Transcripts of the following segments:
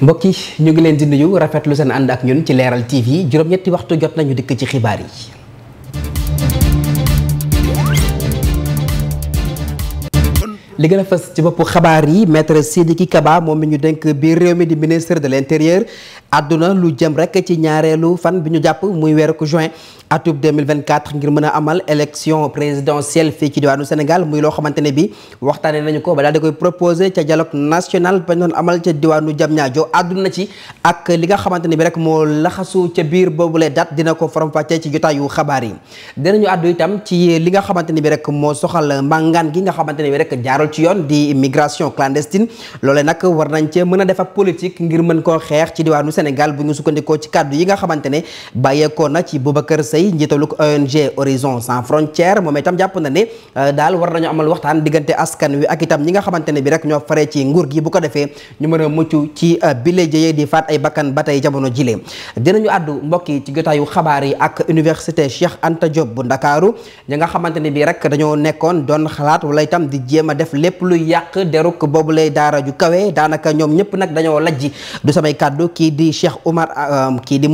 mbokk yi ñu ngi leen di nuyu rafetlu seen ànd ak ñun ci leeral TV juróom-ñetti waxtu jot nañu dikk ci xibaar yi. li gën a ci boppu xabaar yi maître Sidiki Kaba moom mi ñu denk biir réew mi di ministre de l' àdduna lu jëm rek ci ñaareelu fan bi ñu jàpp muy weeru juin atub 2024 ngir mën a amal élection présidentielle fii ci diwaanu Sénégal muy loo xamante ne bi waxtaane nañu ko ba daal di koy proposé ca dialogue national ba doon amal ca diwaanu Diamniadio àdduna ci ak li nga xamante ne bi rek moo laxasu ca biir boobu boobule dat dina ko faram-fàccee ci jotaayu xabaar yi dinañu àddu itam ci li nga xamante ne bi rek moo soxal màngaan gi nga xamante ne bi rek jaarul ci yoon di immigration clandestine loole nag war nañ cee mën a def ab ngir mën koo xeex ci diwaanu Sénégal bu ñu sukkandikoo ci kàddu yi nga xamante ne bàyyeekoo na ci Boubacar Seye Seye njiitalug ONG Horizon Sans Frontières moom itam jàpp na ne euh, daal war nañu amal waxtaan diggante askan wi ak itam ñi nga xamante bi rek ñoo euh, di faat ay bakkan ba tey jamono jile dinañu àddu mbokk yi ci jotaayu xabaar yi ak université Cheikh Anta Diop bu Ndakaaru ñi nga xamante ne bi rek dañoo nekkoon doon xalaat wala itam di jéem a def lépp lu yàq deruk boobu lay daara ju kawe daanaka ñoom ñëpp nag dañoo lajji du samay kàddu kii di Cheikh Oumar euh, kii di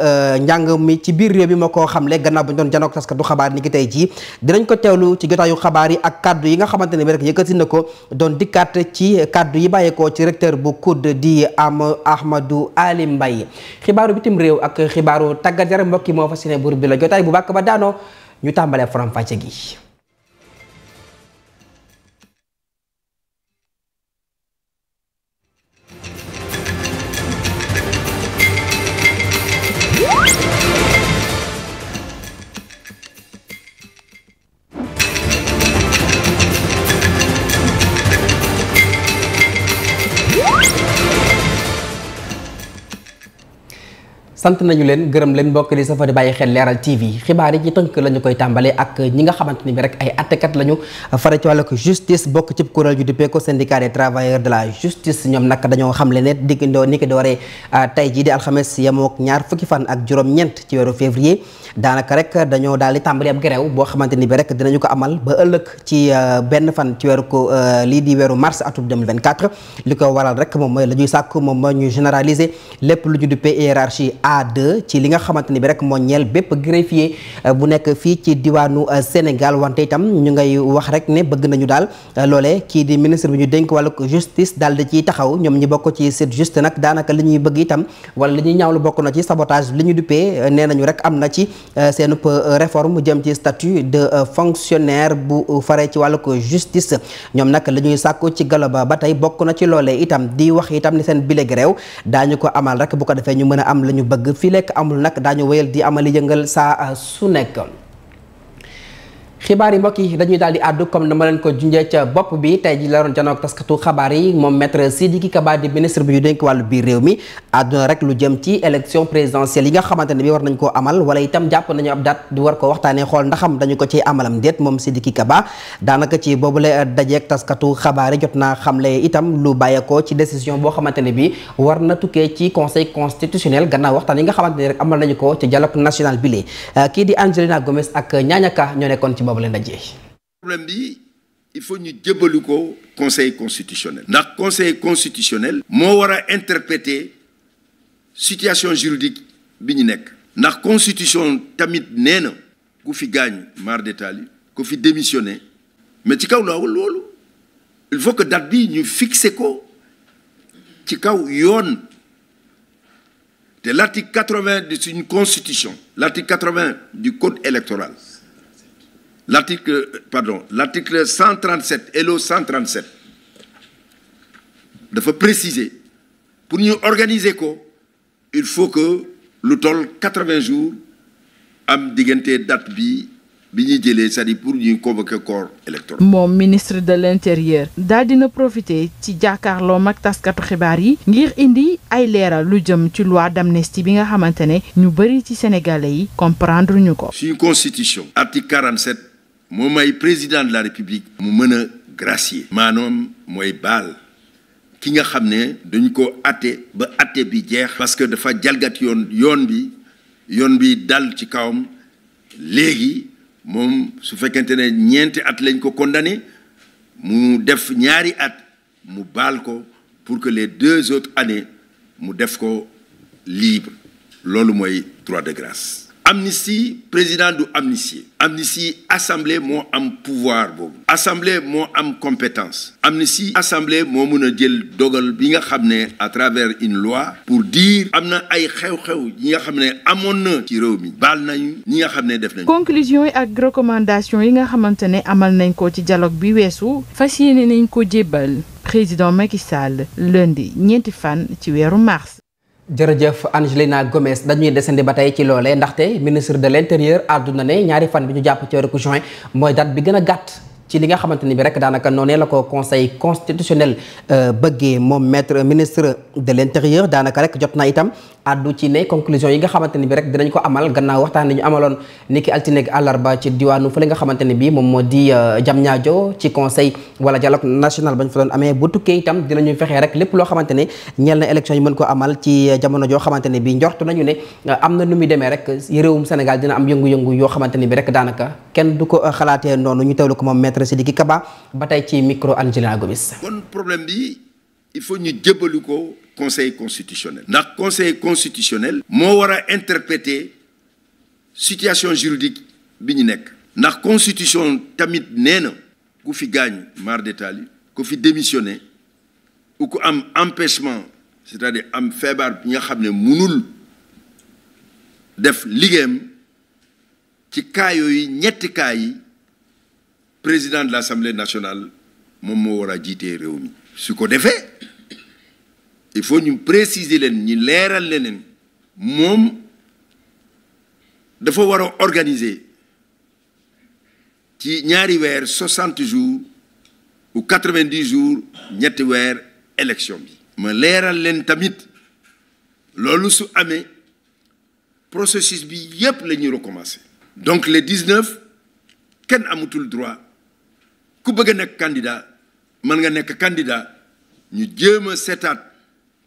Euh, njàng mi ci biir réew mi moo ko xamle gannaaw ba ñu doon janook du xabaar ni ki tey jii dinañ ko teewlu ci jotaayu xabaar yi ak kaddu yi nga xamante ne bi rek yëkkati na ko doon dikkaat ci kaddu yi bàyyeekoo ci recteur bu COUD di am Ahmadou Ali mbay xibaaru bitim réew ak xibaaru tàggat yaram mbokk yi moo fas yéene buur bi la jotaay bu bàkk ba daanoo ñu tàmbalee faram fàcce gi sant nañu leen gërëm leen mbokk li safa di bàyyi xel leeral TV xibaar yi ci tënk la koy tàmbalee ak ñi nga xamante bi rek ay attekat lañu fare ci wàllug ko e ne diggandoo ni ki dooree ah, tey jii di alxames yemook ñaar fukki fan ak juróom-ñeent ci weeru février daanaka rek dañoo daal di tàmbali ab grève boo xamante ni bi rek dinañu ko amal ba ëllëg ci ah, benn fan ci weeru ko ah, lii di weeru mars atum 2024 li ko waral rek moom mooy la ñuy sàkk moom mooy ñu généraliser lépp lu ñu dippee a ci li nga xamante ni bi rek moo ñeel bépp greffier euh, bu nekk fii ci diwaanu euh, Sénégal wante itam ñu ngay wax rek ne bëgg nañu daal euh, loole kii di ministre bi ñu dénk wàllu justice daal di ciy taxaw ñoom ñi bokk ci site nag daanaka li ñuy bëgg itam wala li ñuy ñaawlu bokk na ci sabotage li ñu duppee nee nañu rek am na ci seen réforme jëm ci statut de fonctionnaire bu faree ci wàllu justice ñoom nag li ñuy sàkku ci galaba ba tey bokk na ci loolee itam di wax itam ni seen bile réew daañu bëgg fii lekk amul nag daañu wéyal di amali yëngal saa euh, su nekk xibaar yi mbokk yi dañuy daal di àddu comme dama leen ko junjee ca bopp bi tey ji la doon janoog taskatu xabaar yi moom maître Sidiki Kaba di ministre bi ñu dénk wàllu biir réew mi àdduna rek lu jëm ci élection présidentielle yi nga xamante ne bi war nañ koo amal wala itam jàpp nañu ab date di war ko waxtaanee xool ndaxam dañu ko ci amalam déet moom Sidiki Kaba daanaka ci boobule dajeeg taskatu xabaar yi jot naa xamle itam lu bàyyeekoo ne bi na tukkee ci conseil constitutionnel gannaaw waxtaan yi nga xamante ne rek amal ko ci dialogue boobu leen problème bi il faut ñu jëbalu ko conseil constitutionnel ndax conseil constitutionnel moo war a interpréter situation juridique bi ñu nekk ndax constitution tamit nee na ku fi gaañ mar détail ku fi démissionné mais ci kaw loolu loolu il faut que date bi ñu fixé ko ci kaw yoon te l'article 80 de suñu constitution l'article 80 du code électoral l'article pardon l'article 137 LO 137 dafa préciser pour ñu organiser ko il faut que lu toll 80 jours am diggante date bi bi ñuy jëlee c'est-à-dire pour ñu convoquer corps électoral. moom ministre de l'intérieur. daal dina profiter ci jàkkaarloo mag taskatu xibaar yi. ngir indi ay leeral lu jëm ci loi d'amnistie bi nga xamante ne ñu bëri ci sénégalais yi comprendre ñu ko. suñu constitution. article 47. moo may président de la république mu mën a gracier maanoom mooy baal ki nga xam ne dañ ko atte ba atte bi jeex parce que dafa jalgati yoon yoon bi yoon bi dal ci kawam léegi moom su fekkente ne ñeenti at lañ ko condamné mu def ñaari at mu baal ko pour que les deux autres années mu def ko libre loolu mooy droit de grâce amnistie président du amnistier amnistie assemblée moo am pouvoir boobu assemblée moo am compétence amnistie assemblée moo mun a jël dogal bi nga xam ne à travers une loi pour dire am na ay xew-xew yi nga xam ne amoon na ci réew mi baal nañu ñi nga xam ne def nañu. conclusion yi ak recommandation yi nga xamante ne amal nañ ko ci jaloog bi weesu fas yéene nañ ko jébbal président Macky Sall lundi ñeenti fan ci weeru mars. jërëjëf Angelina Gomes dañuy desandi ba tey ci loole ndaxte ministre de l'intérieur àdduna ne ñaari fan bi ñu jàpp ci weeru juin mooy date bi gën a gàtt ci li nga xamante ni bi rek daanaka noonee la ko conseil constitutionnel euh, bëggee moom maître ministre de l'intérieur daanaka rek jot na itam addu ci ne conclusion yi nga xamante ne bi rek dinañ ko amal gannaaw waxtaan ni ñu amaloon niki altine ak àllarba ci diwaanu fële nga xamante ne bi moom moo di euh, Diamniadio ci conseil wala dialogue national bañ fa doon amee bu tukkee itam dinañu fexee rek lépp loo xamante ne ñeel na élection yi mën ko amal ci euh, jamono joo xamante bi njort nañu ne euh, am na nu muy demee rek réewum Sénégal dina am yëngu-yëngu yoo xamante bi rek daanaka kenn du ko xalaatee noonu ñu teewlu ko moom maître Sidiki Kaba ba tey ci micro Angela Gomis ko conseil constitutionnel ndax conseil constitutionnel moo war a interpréter situation juridique bi ñu nekk ndax constitution tamit nee na ku fi gaañ mar détaali ku fi démissionné ou ku am empêchement c'est-à-dire am feebar bi nga xam ne munul def liggéeyam ci cas yooyu ñetti cas yi président de l'Assemblée nationale moom moo war a jiitee réew mi su ko defee il faut ñu préciser leen ñu leeral leneen moom dafa war a organiser ci ñaari weer soixante jours ou quatre jours ñetti weer élection bi. ma leeral leen tamit loolu su amee processus bi yépp la ñuy recommencer. donc les dix-neuf kenn amatul droit ku bëgg a nekk candidat mën nga nekk candidat ñu jéem a seetaat.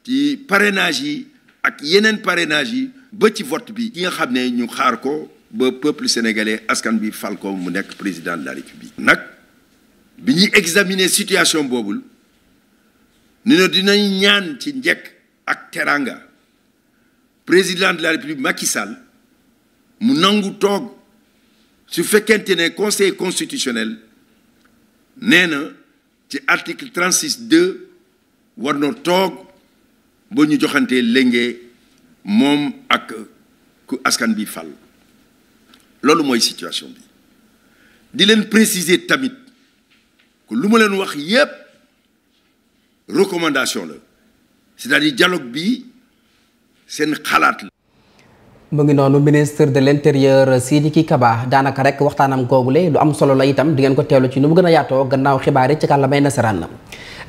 ci parrainage yi ak yeneen parrainage yi ba ci vote bi ki nga xam ne ñu xaar ko ba peuple sénégalais askan bi fal mu nekk président de la république nag bi ñuy examiner situation boobul ni ne dinañ ñaan ci njëkk ak teranga président de la république Macky Sall mu nangu toog su fekkente ne conseil constitutionnel nee na ci article 36 2 war toog boo ñu joxantee léngee moom ak ku askan bi fal loolu mooy situation bi di leen préciser tamit que lu ma leen wax yépp recommandation la c'est-à-dire dialogue bi seen xalaat mu ngi noonu ministre de l'intérieur Sidiki Kaba daanaka rek waxtaanam googule lu am solo la itam di ngeen ko teelu ci nu mu gën a yaatoo gannaaw xibaar yi ci kàllaamay nasaraan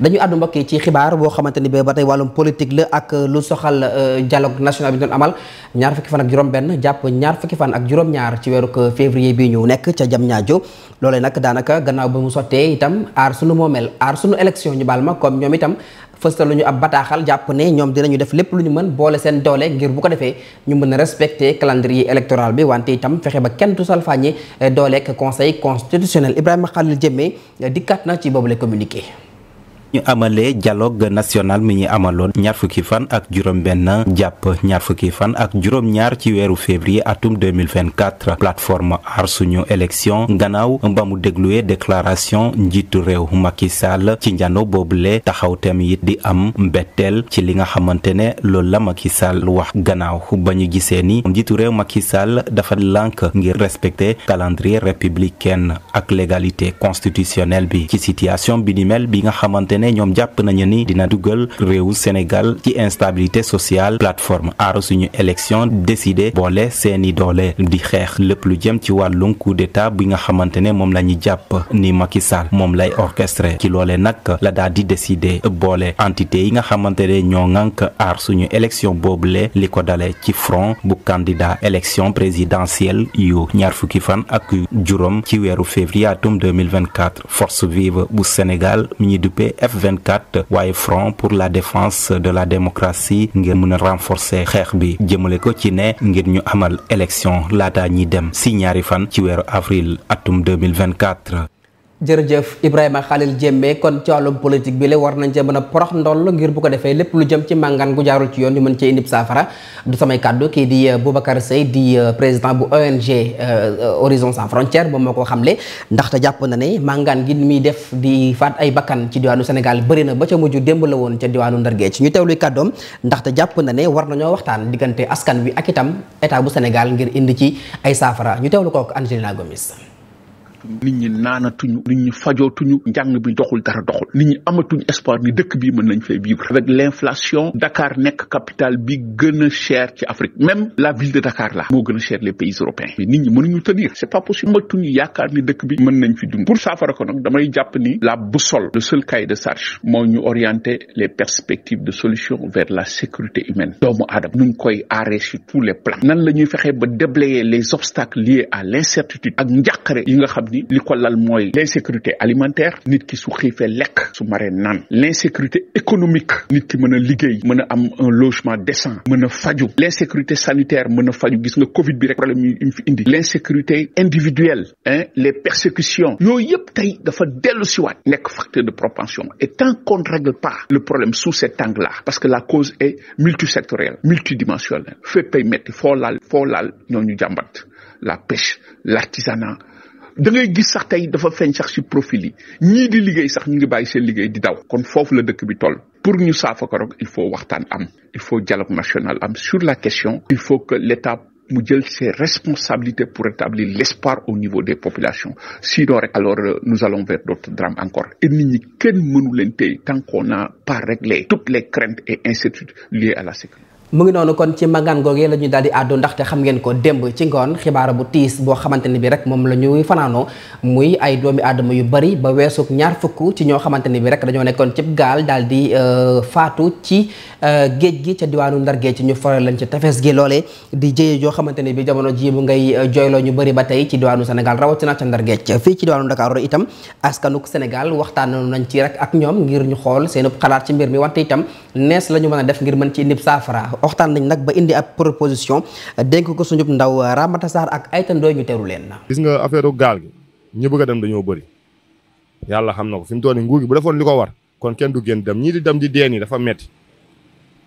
dañu àddu mbokk ci xibaar boo xamante ni ba tey wàllum politique la ak lu soxal euh, dialogue national bi ñu doon amal ñaar fukki fan ak juróom-benn jàpp ñaar fukki fan ak juróom-ñaar ci weeru février bii ñu nekk ca jam ñaajo loolee nag daanaka gannaaw ba mu sottee itam aar sunu moomeel aar sunu élection ñu baal ma comme ñoom itam fëstal lu ñu ab bataaxal jàpp ne ñoom dinañu def lépp lu ñu mën boole seen doole ngir bu ko defee ñu mën a respecter calendrier électoral bi wante itam fexe ba kenn du salfaañe dooleek conseil constitutionnel Ibrahima Khalil Diémé dikkat na ci boobule communiqué. ñu amalee dialogue national mi ñu amaloon ñaar fukki fan ak juróom-benn jàpp ñaar fukki fan ak juróom ci weeru février atum 2024 plateforme aar suñu élection gannaaw ba dégluwee déclaration njiitu réew Macky Sall ci njano boobule taxaw tem it di am mbetteel ci li nga xamante ne loolu la Macky Sall wax gannaaw ba ñu gisee ni njiitu réew Macky Sall dafa lank ngir respecter calendrier républicain ak légalité constitutionnelle bi ci situation bi mel bi nga xamante ne ñoom jàpp nañu ni dina dugal réewu Sénégal ci instabilité sociale plateforme aar suñu élection décidé boole seeni doole di xeex lépp lu jëm ci wàllum coup d'état bi nga xamante ne moom la ñu jàpp ni Macky Sall moom lay orchestré ci loole nag la daal di décidé boole entité yi nga xamante ne ñoo ŋànk aar suñu élection boobule li ko dale ci front bu candidat élection présidentielle yu ñaar fukki fan ak juróom ci weeru février atum 2024 force vive bu Sénégal F24 waaye front pour la défense de la démocratie ngir mën a renforcer xeex bi jëmale ko ci ne ngir ñu amal élection laata ñi dem si ñaari fan ci weeru avril atum 2024 jërëjëf Ibrahima Khalil Diémé kon ci wàllum politique bi la war nañ cee mën a porox ndoll ngir bu ko defee lépp lu jëm ci màngaan gu jaarul ci yoon ñu mën cee indi saafara du samay kàddu kii di euh, Boubacar Seye di euh, président bu ONG euh, Horizon Sans Frontières moom moo ko xamle ndaxte jàpp na ne màngaan gi ni muy def di faat ay bakkan ci diwaanu Sénégal bëri na ba ca mujju démb la woon ca diwaanu ndargee ci ñu teewluy kàddoom ndaxte jàpp na ne war nañoo waxtaan diggante askan wi ak itam état bu Sénégal ngir indi ci ay saafara ñu teewlu ko ak Angelina Gomis lekkutuñu nit ñi naanatuñu nit ñi fajootuñu njàng bi doxul dara doxul nit ñi amatuñu espoir ni dëkk bii mën nañ fay vivre avec l'inflation Dakar nekk capitale bi gën a cher ci Afrique même la ville de Dakar la moo gën a cher les pays européens mais nit ñi mënuñu tenir c'est pas possible amatuñu yaakaar ni dëkk bi mën nañ fi dund pour saafara ko nag damay jàpp ni la boussole le seul cahier de charge moo ñu orienter les perspectives de solution vers la sécurité humaine doomu aadama nu ngi koy aaree sur tous nan la ñuy fexee ba déblayer les obstacles liés à l'incertitude ak ni li ko lal mooy l'insécurité alimentaire nit ki su xiifee lekk su maree naan l'insécurité économique nit ki mën a liggéey mën a am un logement décent mën a faju l'insécurité sanitaire mën a faju gis nga Covid bi rek problème yi fi indi l'insécurité individuelle hein les persécutions yooyu yëpp tey dafa dellu siwaat nekk facteur de propension et tant qu'on ne règle pas le problème sous cet angle-là parce que la cause est multisectorielle multidimensionnelle fépp ay métti foo laal foo laal ñooñu jàmbat la pêche l'artisanat da ngay gis sax tey dafa feeñ sax ci profil ñii di liggéey sax ñu ngi bàyyi seen liggéey di daw kon foofu la dëkk bi toll pour ñu saafa ko rek il faut waxtaan am il faut dialogue national am sur la question il faut que l'État mu jël ses responsabilités pour rétablir l'espoir au niveau des populations sinon rek alors euh, nous allons vers d'autres drames encore et nit ñi kenn mënu leen tey tant qu'on n'a pas toutes les craintes et incertitudes liées à la sécurité mu ngi noonu kon ci magaan googee lañuy ñu daal di àddu ndaxte xam ngeen ko démb ci ngoon xibaara bu tiis boo xamante ni bi rek moom la ñuy fanaanoo muy ay doomi aadama yu bari ba weesu ñaar fukk ci ñoo xamante ni bi rek dañoo nekkoon cib gaal daal di euh, faatu ci Euh, géej gi ca diwaanu ndar géej ñu faral leen ca tefes gi loolee di jëye joo xamante ne bi jamono ji mu ngay euh, jooyloo ñu bëri ba tey ci diwaanu Sénégal rawatina ca ndar géej fii ci diwaanu Dakar itam askanuk Sénégal waxtaan nañ ci rek ak ñoom ngir ñu xool seen xalaat ci mbir mi wante itam nees la ñu mën a def ngir man ci indib saafara waxtaan nañ nag ba indi ab proposition dénk ko suñub ndaw Ramata Sarr ak Aïta Ndoye ñu teru leen na gis nga affaire gaal gi ñu bëgg a dem dañoo bëri yàlla xam na ko fi mu toll nii nguur gi bu defoon li ko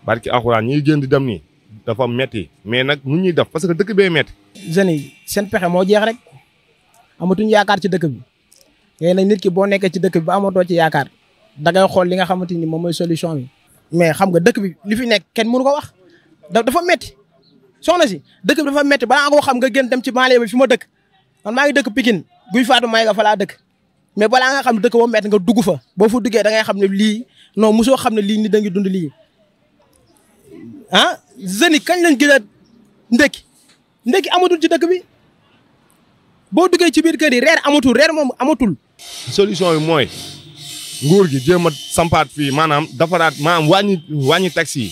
barki alxuraan ñuy génn di dem nii dafa metti mais nag nu ñuy def parce que dëkk bee metti jeunes yi seen pexe moo jeex rek amatuñ yaakaar ci dëkk bi léegi nag nit ki boo nekkee ci dëkk bi ba amatoo ci yaakaar da xool li nga xamante ni moom mooy solution bi mais xam nga dëkk bi li fi nekk kenn mënu ko wax dafa metti soxna si dëkk dafa metti balaa nga ko nga gën dem ci banlieue bi ma dëkk man maa ngi dëkk Pikine guy faatu may nga fa laa dëkk mais balaa nga xam ne dëkk boo metti nga dugg fa boo fu duggee da ngay xam ne lii non mosoo xam ne lii nit da ngi dund lii ah jeunes yi kañ lañ gënaat ndekki ndekki amatul ci dëkk bi boo duggee ci biir kër yi reer amatul reer moom amatul. solution bi mooy nguur gi jéem a sampat fii maanaam defaraat maanaam wàññi wàññi taxi yi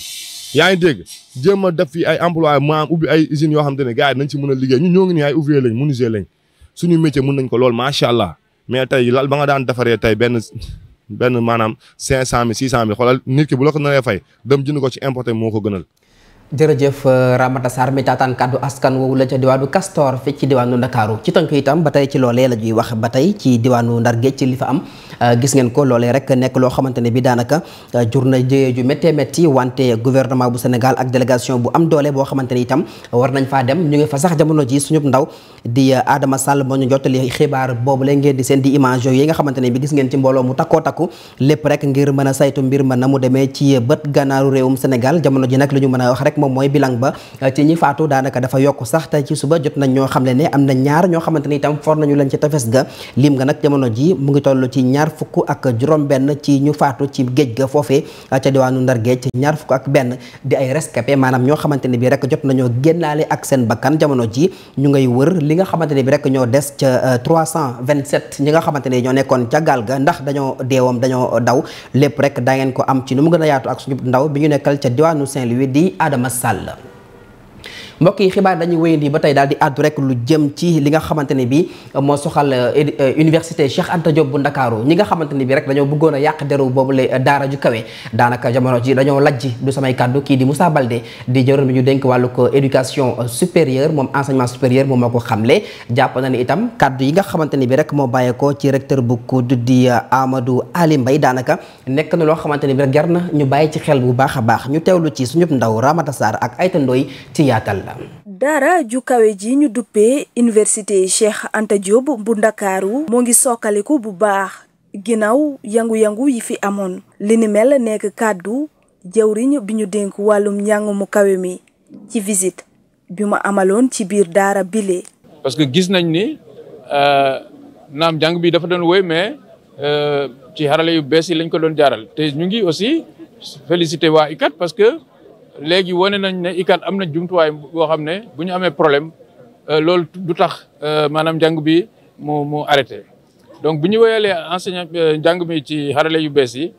yaa ngi dégg jéem a def fii ay emploi maanaam ubbi ay usines yoo xam te ne gars yi a liggéey ñu ñoo ngi nii ay ouvrier lañ menuisier lañ suñu métier mën nañ ko lool macha allah mais tey lal ba nga daan defaree tey benn. benn maanaam cinq cent mille six cent mille xoolal nit ki bu la ko naree fay dem jënd ko ci importé moo ko gënal jërëjëf euh, Ramata Sarr mi taataan kàddu askan woowu la ca diwaanu Castor fi ci diwaanu Ndakaaru ci tënk itam ba tey ci loolee la ñuy wax ba tey ci diwaanu Ndar géej ci li fa am euh, gis ngeen ko loolee rek nekk loo xamante ne bi daanaka euh, jur na jëye ju méttee métti wante gouvernement bu Sénégal ak délégation bu am doole boo xamante ne itam war nañ faa dem ñu ngi fa sax jamono ji suñu ndaw di Adama Sall moo ñu jottali xibaar boobu la ngeen di seen di image yooyu yi nga xamante ne bi gis ngeen ci mbooloo mu takkoo takku lépp rek ngir mën a saytu mbir ma mu demee ci bët gànnaaru réewum Sénégal jamono ji nag lu ñu mën a wax rek rek moom mooy bilan ba euh, ci ñi faatu daanaka dafa yokk sax tey ci suba jot ñoo am na ñaar ñoo xamante ni leen ci tefes ga lim nga nag ji mu ngi toll ci ñaar fukk ak juróom-benn ci ñu faatu ci géej ga foofee euh, ca diwaanu ndar géej ñaar fukk ak benn di ay rescapé maanaam ñoo xamante ne bi rek jot nañoo génnaale ak seen bakkan jamono ji ñu ngay wër li nga xamante ne bi rek ñoo des ca 327 euh, ñi nga xamante ne ñoo nekkoon ca gaal ga ndax dañoo deewoom dañoo daw lépp rek da ngeen ko am ci nu mu gën a yaatu ak suñu ndaw bi ñu nekkal ca diwaanu Saint-Louis di Adama Adama Sall mbokk yi xibaar dañuy wéyandi ba tey daal di àddu rek lu jëm ci li nga xamante ne bi moo soxal eh, eh, université Cheikh Anta Diop bu Ndakaaru ñi nga xamante ne bi rek dañoo bëggoon a yàq deru boobu la eh, daara ju kawe daanaka jamono ji dañoo lajji du samay kàddu kii di Moussa di jëroon bi ñu wàllu ko éducation supérieure moom enseignement supérieur moom moo ko xamle jàpp na ni itam kàddu yi nga xamante ni bi rek moo bàyyeekoo ci recteur bu COUD di Amadou Ali Mbaye daanaka nekk na loo xamante ni jar na ñu bàyyi ci xel bu baax a baax ñu teewlu ci suñu ndaw Ramata saar ak Aïta Ndoye ci yaatal salaam. daara ju kawe ji ñu duppee université Cheikh Anta Diop bu Ndakaaru moo ngi sokkaliku bu baax ginnaaw yangu-yangu yi fi amoon li ni mel nekk kàddu jëwriñ bi ñu dénk wàllum njàng mu kawe mi ci visit bi mu amaloon ci biir daara bile. parce que gis nañ ni euh, naam jàng bi dafa doon woy mais euh, ci xarale yu bees yi lañ ko doon jaaral te ñu ngi aussi félicité waa ICAT parce que. léegi wane nañ ne ICAT am na jumtuwaay boo xam ne bu ñu amee problème euh, loolu du tax euh, maanaam njàng bi mu mu arrêté donc bu ñu wéyalee enseignant euh, njàng bi ci xarale yu bees yi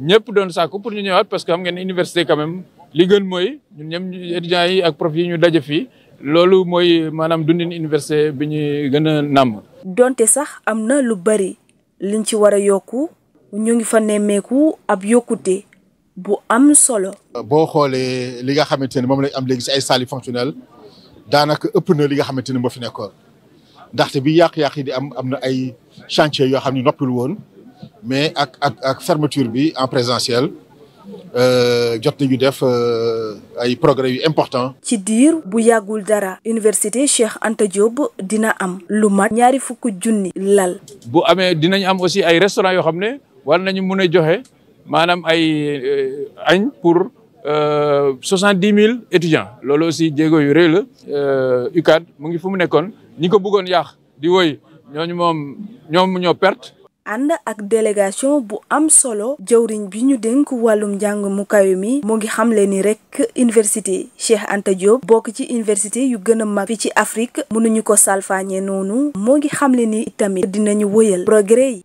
ñëpp doon sàkku pour ñu ñëwaat parce que xam ngeen université quand même li gën mooy ñu ñëpp étudiants yi ak prof yi ñu daje fii loolu mooy maanaam dundin université bi ñuy gën a nàmm. donte sax am na lu bari liñ ci war a yokku ñu ngi fa nemmeeku ab yokkute. bu am solo. boo xoolee li nga xamante ne moom lañ am léegi ay salles fonctionnelles daanaka ëpp na li nga xamante ne moo fi nekkoon ndaxte bi yàq-yàq yi di am am na ay chantier yoo xam ne noppil woon mais ak ak ak fermeture bi en présentiel euh, jot nañu def euh, ay progrès yu important ci diir bu yàggul dara université Cheikh Anta Diop dina am lu mat ñaari fukk junni lal bu amee dinañ am aussi ay restaurant yoo xam ne war nañu mun a joxe maanaam ay euh, añ pour euh, soixante dix mille étudiants loolu aussi jéego yu rëy la. UCAD euh, mu ngi fu mu nekkoon ñi ko bëggoon yàq di woy ñooñu moom ñoom ñoo perte. ànd ak délégation bu am solo jëwriñ bi ñu dénk wàllum njàng mu kayu mi mu ngi xamle ni rek université Cheikh Anta Diop bokk ci université yu gën a mag fi ci Afrique mënuñu ko salfaañe noonu moo ngi xamle ni tamit dinañu wëyal progrès yi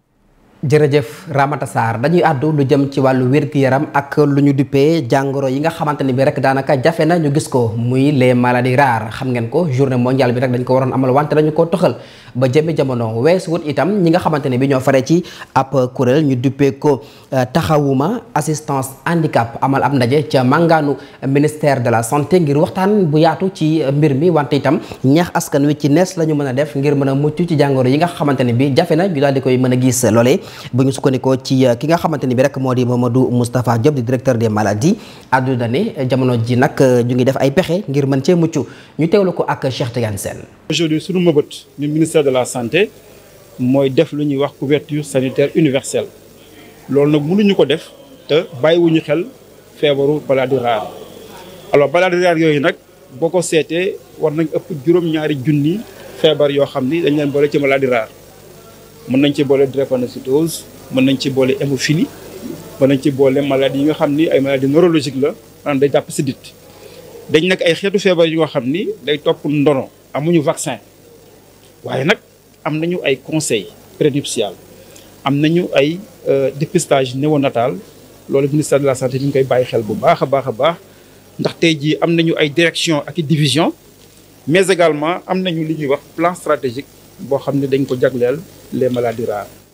jërëjëf Ramata saar dañuy àddu lu jëm ci wàllu wér-gu-yaram ak lu ñu duppee jàngoro yi nga xamante ni bi rek daanaka jafe na ñu gis ko muy les maladies rares xam ngeen ko journée mondiale bi rek dañ ko waroon amal wante dañu ko toxal ba jëmmi jamono wees wut itam ñi nga xamante ne bi ñoo fare ci ab kuréel ñu duppee ko euh, taxawuma assistance handicap amal ab ndaje ca màngaanu ministère de la santé ngir waxtaan bu yaatu ci mbir mi wante itam ñaax askan wi ci nees la ñu mën a def ngir mën a mucc ci jàngoro yi nga xamante ne bi jafe na ñu daal di koy mën a gis bu ñu sukkandikoo ci euh, ki nga xamante ni bi rek moo di Mamadou Moustapha Diop di directeur des maladies àdduna ne euh, jamono ji nag euh, ñu ngi def ay pexe ngir mën cee mucc ñu teew teewlu ko ak Cheikh Tidiane Sène aujourd'hui sunu mëbët ñu ministère de la santé mooy def lu ñuy wax couverture sanitaire universelle loolu nag mu ñu ko def te bàyyiwuñu xel feebaru maladie rare alors maladie rare yooyu nag boo ko seetee war nañ ëpp juróom-ñaari junni feebar yoo xam ni dañ leen boole ci maladie mën nañ ci boole drépanocytose mën nañ ci boole hémophilie mën nañ ci boole maladie yi nga xam ni ay maladie neurologique la maanaam day jàpp sidit dañ nag ay xeetu feebar yoo xam ni day topp ndono amuñu vaccin waaye nag am nañu ay conseil prénuptial am nañu ay euh, dépistage néonatal loolu ministère de la santé ñu ngi koy bàyyi xel bu baax a baax a baax ndax tey jii am nañu ay direction ak i division mais également am nañu li ñuy wax plan stratégique boo xam ne dañ ko jagleel les maladies rares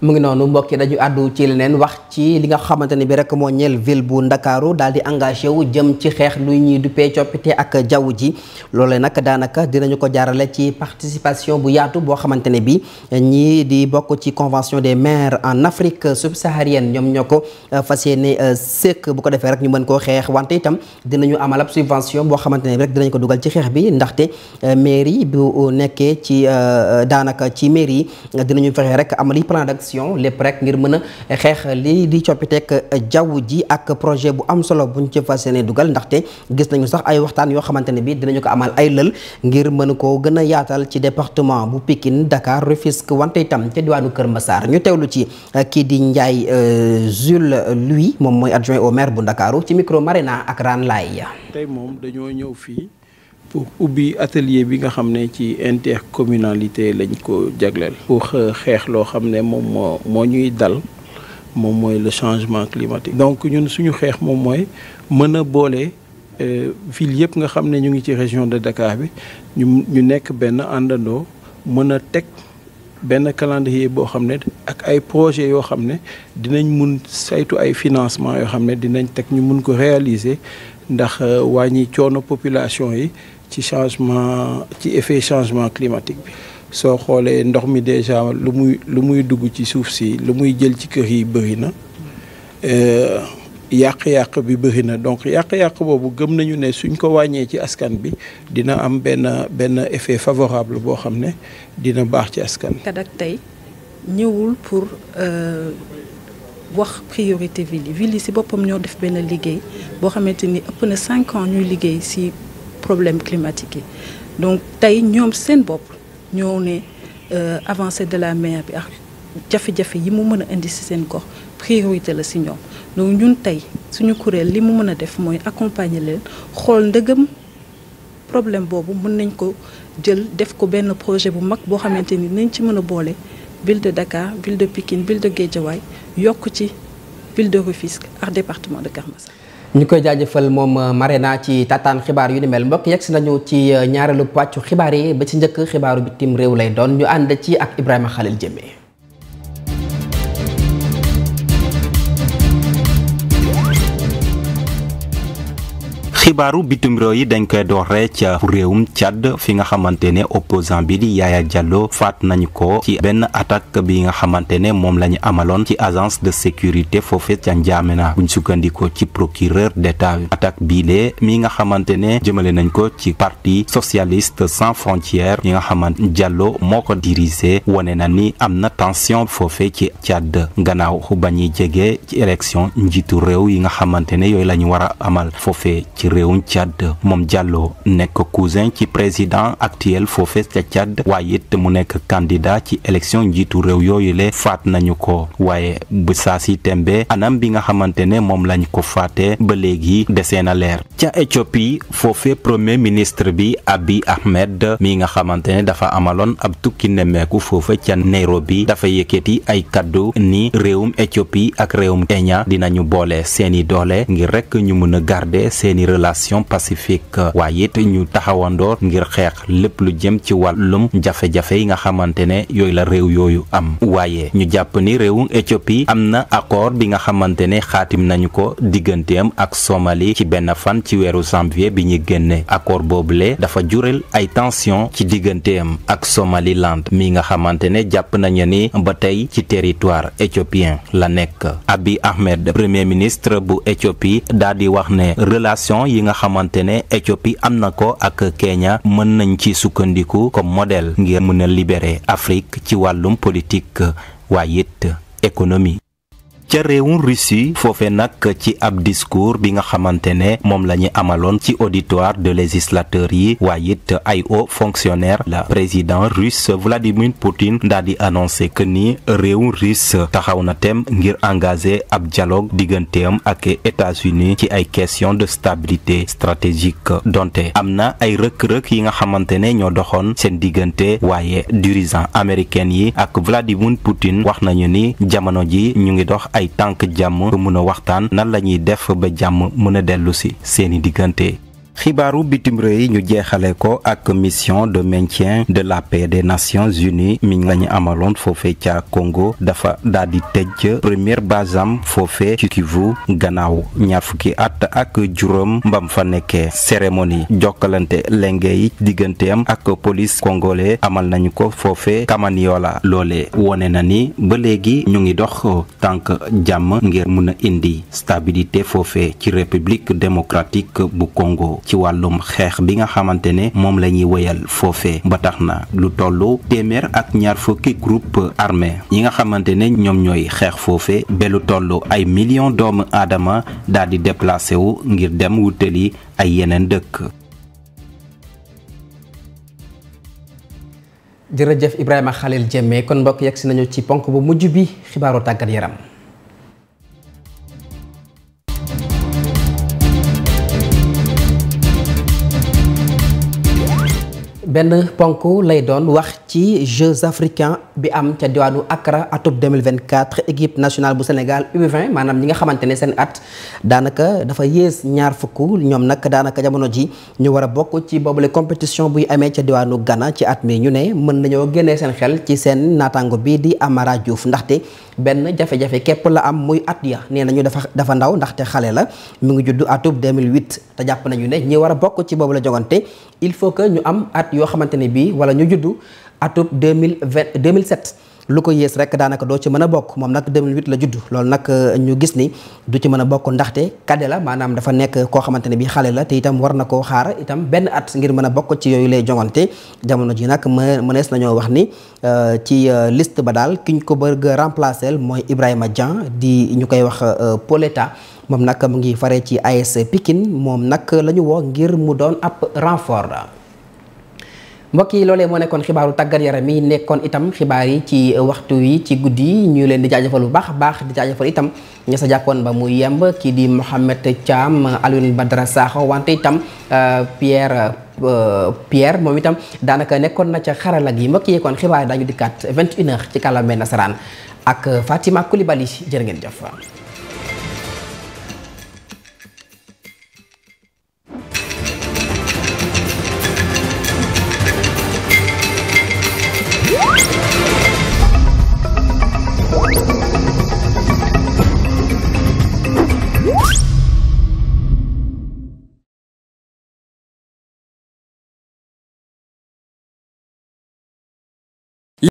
mu ngi noonu mbokk yi dañu àddu ci leneen wax ci li nga xamante ni bi rek moo ñeel ville bu ndakaaru daal di engagé wu jëm ci xeex lu ñuy duppee coppite ak jaww ji loole nag daanaka dinañu ko jaarale ci participation bu yaatu boo xamante ne bi ñii di bokk ci convention des maire en Afrique subsaharienne ñoom ñoo ko euh, fas yéene euh, sëkk bu ko defee rek ñu mën koo xeex wante itam dinañu amal ab subvention boo xamante ne bi rek dinañ ko dugal ci xeex bi ndaxte euh, mairie bu nekkee ci daanaka ci mairie dinañu fexe rek amali action lépp rek ngir mën a xeex lii di coppiteeg jaww ji ak projet bu am solo buñ ci fas yéene dugal ndaxte gis nañu sax ay waxtaan yoo xamante ne bi dinañu ko amal ay lël ngir mën koo gën a yaatal ci département bu pikin Dakar Rufisque wante itam ca diwaanu Kër Massar ñu teewlu ci euh, kii di Ndiaye euh, Jules Louis moom mooy adjoint au maire bu Ndakaaru ci micro Marina ak Ran Laye tey pour ubbi atelier bi nga xam ne ci intercommunalité lañ ko jagleel. pour xeex loo xam ne moom moo moo ñuy dal moom mooy le changement climatique. donc ñun suñu xeex moom mooy mën a boole euh, ville yëpp nga xam ne ñu ngi ci région de Dakar bi ñu ñu nekk benn àndandoo mën a teg. benn calendrier boo xam ne ak ay projet yoo xam ne dinañ mun saytu ay financement yoo xam ne dinañ teg ñu mun ko réaliser ndax euh, wàññi coono population yi ci changement ci effet changement climatique bi soo xoolee ndox mi déjà lu muy lu muy dugg ci suuf si lu muy jël ci kër yi bëri na euh, yàq-yàq bi bëri na donc yàq-yàq boobu gëm nañu ne suñ ko wàññee ci askan bi dina am benn benn effet favorable boo xam ne dina baax ci askan kadak tey ñëwul pour euh, wax priorité ville yi ville yi si boppam ñoo def benn liggéey boo xamante ni ëpp na cinq ans ñuy liggéey si problème climatique yi donc tey ñoom seen bopp ñoo ne euh, avancée de la mer bi ak jafe-jafe yi mu mën a indi si seen gox priorité la si ñoom donc ñun tey suñu kuréel li mu mën a def mooy accompagner leen xool ndëgëm problème boobu mën nañ ko jël def ko benn projet bu mag boo xamante ni nañ ci mën a boole ville de Dakar ville de Pikine ville de Guédiawaye yokk ci ville de Rufisque ak département de Keur ñu koy jaajëfal moom euh, naa ci tataan xibaar yu ni mel mbokk yegg si nañu ci euh, ñaareelu pàccu xibaar yi ba ci njëkk xibaaru bitim réew lay doon ñu ànd ci ak Ibrahima Khalil Jeme. xibaaru bitim réew yi dañ koy dooree ca réewum Tchad fi nga xamante ne opposant bi di Yaya Diallo faat nañu ko ci benn attaque bi nga xamante ne moom la ñu amaloon ci agence de sécurité foofe ca N'Djamena buñ sukkandikoo ci procureur d'état attaque biile mi nga xamante ne jëmale nañ ko ci parti socialiste sans frontières yi nga xamante Diallo moo ko dirigé wone na ni am na tension foofe ci Tchad gannaaw ba ñuy jege ci élection njiitu réew yi nga xamante réewum Tchad moom Diallo nekk cousin ci président actuel foofe ca Tchad waaye it mu nekk candidat ci élection njiitu réew yooyu le faat nañu ko waaye bu saa si tembe anam bi nga xamante ne moom lañ ko faatee ba léegi desee na leer ca Éthiopie foofe premier ministre bi Abiy Ahmed mi nga xamante ne dafa amaloon ab tukki nemmeeku foofe ca Nairobi dafa yëkkati ay kaddu ni réewum Éthiopie ak réewum Kenya dinañu boole seeni doole ngir rek ñu mën a seeni relation relation pacifique waaye it ñu taxawandoor ngir xeex lépp lu jëm ci wàllum jafe-jafe yi nga xamante ne yooyu la réew yooyu am waaye ñu jàpp ni réewum Éthiopie am na accord bi nga xamante ne xaatim nañu ko digganteem ak Somalie ci benn fan ci weeru janvier bi ñu génne accord boobule dafa jural ay tension ci digganteem ak Somaliland mi nga xamante ne jàpp nañu ni ba tey ci territoire éthiopien la nekk li nga xamante ne Éthiopie am na ko ak Kenya mën nañ ci sukkandiku comme modèle ngir mën a libérer Afrique ci wàllum politique waaye it économie ca réewum Russie foofe nag ci ab discours bi nga xamante ne moom la ñu amaloon ci auditoire de législateurs yi waaye it ay hauts fonctionnaires la président russe Vladimir Poutine daal di annoncé que ni réewum russe taxaw na tem ngir engagé ab dialogue digganteem ak États-Unis ci ay question de stabilité stratégique donte am na ay rëkk-rëkk yi nga xamante ne ñoo doxoon seen diggante waaye dirigeants américaine yi ak Vladimir Poutine wax nañu ni jamono ji ñu ngi dox ay tànk jàmm mën a waxtaan nan la ñuy def ba jàmm mën a dellu si seeni diggante xibaaru bitim réew yi ñu jeexale ko ak mission de maintien de la paix des nations unies mi lañu amaloon foofe ca kongo dafa daal di tëj première basam foofe ci Kivu gannaaw ñaar fukki at ak juróom mbam fa nekkee cérémonie jokkalante lenge digganteem ak polis congolais amal nañu ko foofe Kamaniola loole wone na ni ba léegi ñu ngi dox tànk jàmm ngir mun a indi stabilité foofe ci république démocratique bu kongo ci wàllum xeex bi nga xamante ne moom lañuy ñuy wéyal foofee ba tax na lu tollu téeméer ak ñaar fukki groupe armé yi nga xamante ne ñoom ñooy xeex foofe belu lu toll ay million doomu aadama daal di déplacé wu ngir dem wutali ay yeneen dëkk. jërëjëf Ibrahima Khalil Jemme kon mbokk yegsi nañu ci ponk bu mujj bi xibaaru tàggat yaram. benn ponk lay doon wax ci Jeux africains bi am ca diwaanu Accra atub 2024 équipe nationale bu Sénégal u maanaam ñi nga xamante ne seen at daanaka dafa yées ñaar fukk ñoom nag daanaka jamono ji ñu war a bokk ci boobule compétition buy amee ca diwaanu gana ci at mi ñu ne mën nañoo génnee seen xel ci seen naataango bi di Amara Diouf ndaxte. benn jafe-jafe képp la am muy at ya nee nañu dafa dafa ndaw ndaxte xale la mu ngi juddu atub 2008 te jàpp nañu ne ñi war a bokk ci boobu la jogante il faut que ñu am at yoo xamante ne bii wala ñu juddu atub 2020 2007 lu ko yées rek daanaka doo ci mën a bokk moom nag 2008 la judd loolu nag euh, ñu gis ni du ci mën a bokk ndaxte kadde la maanaam dafa nekk koo xamante ne bi xale la te itam war na koo xaar itam benn at ngir mën a bokk ci yooyu lay jongante jamono ji nag mënees nañoo wax ni euh, ci euh, list ba daal kiñ ko bëgg a remplacer mooy Ibrahima Dian di ñu koy wax poleta moom nag mu ngi fare ci AS Pikine moom nag la ñu woo ngir mu doon ab renfort mbokk yi loolee moo nekkoon xibaaru tàggat yaram yi nekkoon itam xibaar yi ci waxtu wi ci guddi yi ñu leen di jaajëfal bu baax a baax di jaajëfal itam ña sa jàppoon ba mu yemb kii di Mouhamed Thiam Alioune Badara Sakho wante itam euh, Pierre euh, Pierre moom itam daanaka nekkoon na ca xarala gi mbokk yee kon xibaar yi daañu dikkaat 21h ci kàllaamay nasaraan ak Fatima Koulibaly jërë ngeen jaf